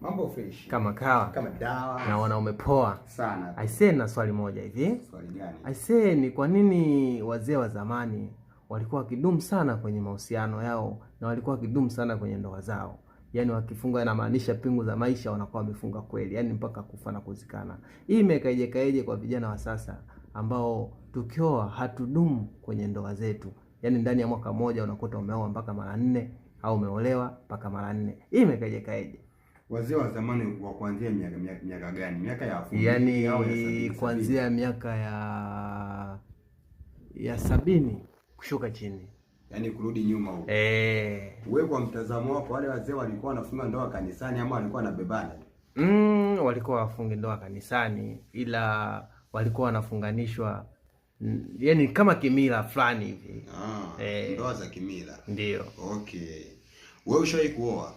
Mambo fresh. Kama kawa. Kama dawa. Na wanaume poa. Sana. I say na swali moja hivi. Swali gani? I say ni kwa nini wazee wa zamani walikuwa wakidumu sana kwenye mahusiano yao na walikuwa wakidumu sana kwenye ndoa zao? Yaani wakifunga inamaanisha pingu za maisha wanakuwa wamefunga kweli, yaani mpaka kufa na kuzikana. Hii imekaje kaeje kwa vijana wa sasa ambao tukioa hatudumu kwenye ndoa zetu? Yaani ndani ya mwaka mmoja unakuta umeoa mpaka mara nne au umeolewa mpaka mara nne. Hii imekaje kaeje? wazee wa zamani wa kuanzia miaka miaka gani? Miaka ya afu yani, ya kuanzia miaka ya ya sabini kushuka chini, yani kurudi nyuma huko eh. Wewe kwa mtazamo wako, wale wazee walikuwa wanafunga ndoa kanisani ama walikuwa wanabebana? Mm, walikuwa wafungi ndoa kanisani, ila walikuwa wanafunganishwa mm, yani kama kimila fulani hivi. Ah, eh, ndoa za kimila ndio. Okay, wewe ushawahi kuoa?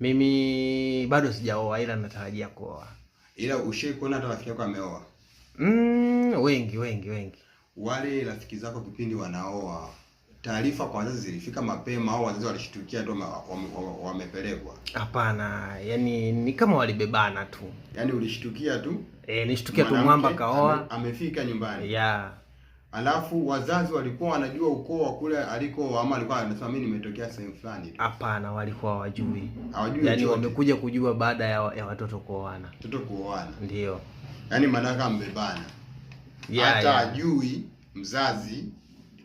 Mimi bado sijaoa ila natarajia kuoa. Ila ushai kuona hata rafiki yako ameoa? Mm, wengi wengi wengi. Wale rafiki zako kipindi wanaoa, taarifa kwa wazazi zilifika mapema au wazazi walishtukia tu wamepelekwa? Hapana, yani ni kama walibebana tu. yani ulishtukia tu? Eh, nishtukia tu mwamba kaoa. Amefika nyumbani. Yeah. Alafu wazazi walikuwa wanajua ukoo wa kule aliko ama alikuwa anasema mimi nimetokea sehemu fulani. Hapana, walikuwa hawajui. Hawajui. Yaani wamekuja kujua baada ya, ya watoto kuoana. Watoto kuoana. Ndio. Yaani maana maanake mbebana. Yeah, hata yeah. Ajui mzazi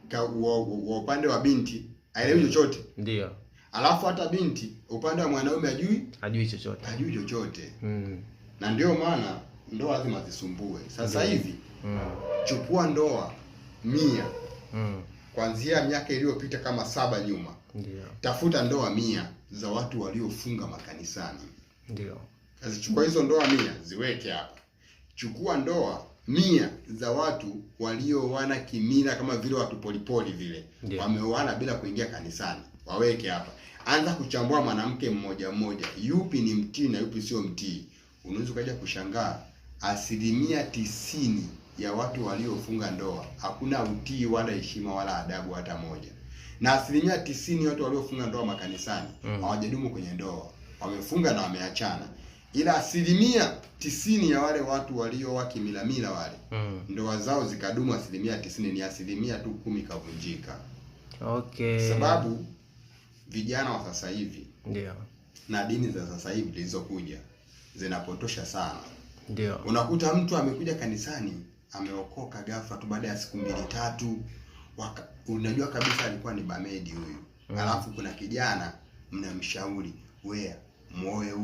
ka wa wa, wa upande wa binti aelewi chochote. Ndio. Alafu hata binti upande wa mwanaume ajui ajui chochote. Ajui chochote. Mm. Na ndio maana ndoa lazima zisumbue. Sasa hivi mm. chukua ndoa mia mm. Kuanzia miaka iliyopita kama saba nyuma Ndiyo. Tafuta ndoa mia za watu waliofunga makanisani Ndiyo. hizo ndoa mia ziweke hapa. Chukua ndoa mia za watu walioana kimila kama vile watu polipoli vile wameoana bila kuingia kanisani waweke hapa. Anza kuchambua mwanamke mmoja mmoja, yupi ni mtii na yupi sio mtii. Unaweza ukaja kushangaa asilimia tisini ya watu waliofunga ndoa hakuna utii wala heshima wala adabu hata moja, na asilimia tisini watu waliofunga ndoa makanisani mm. hawajadumu mm. kwenye ndoa, wamefunga na wameachana, ila asilimia tisini ya wale watu walioa kimilamila wale mm. ndoa zao zikadumu asilimia tisini, ni asilimia tu kumi kavunjika. Okay, sababu vijana wa sasa hivi ndio na dini za sasa hivi zilizokuja zinapotosha sana. Ndio unakuta mtu amekuja kanisani ameokoka ghafla tu baada ya siku mbili tatu waka, unajua kabisa alikuwa ni bamedi huyu, mm. alafu kuna kijana mnamshauri wea muoe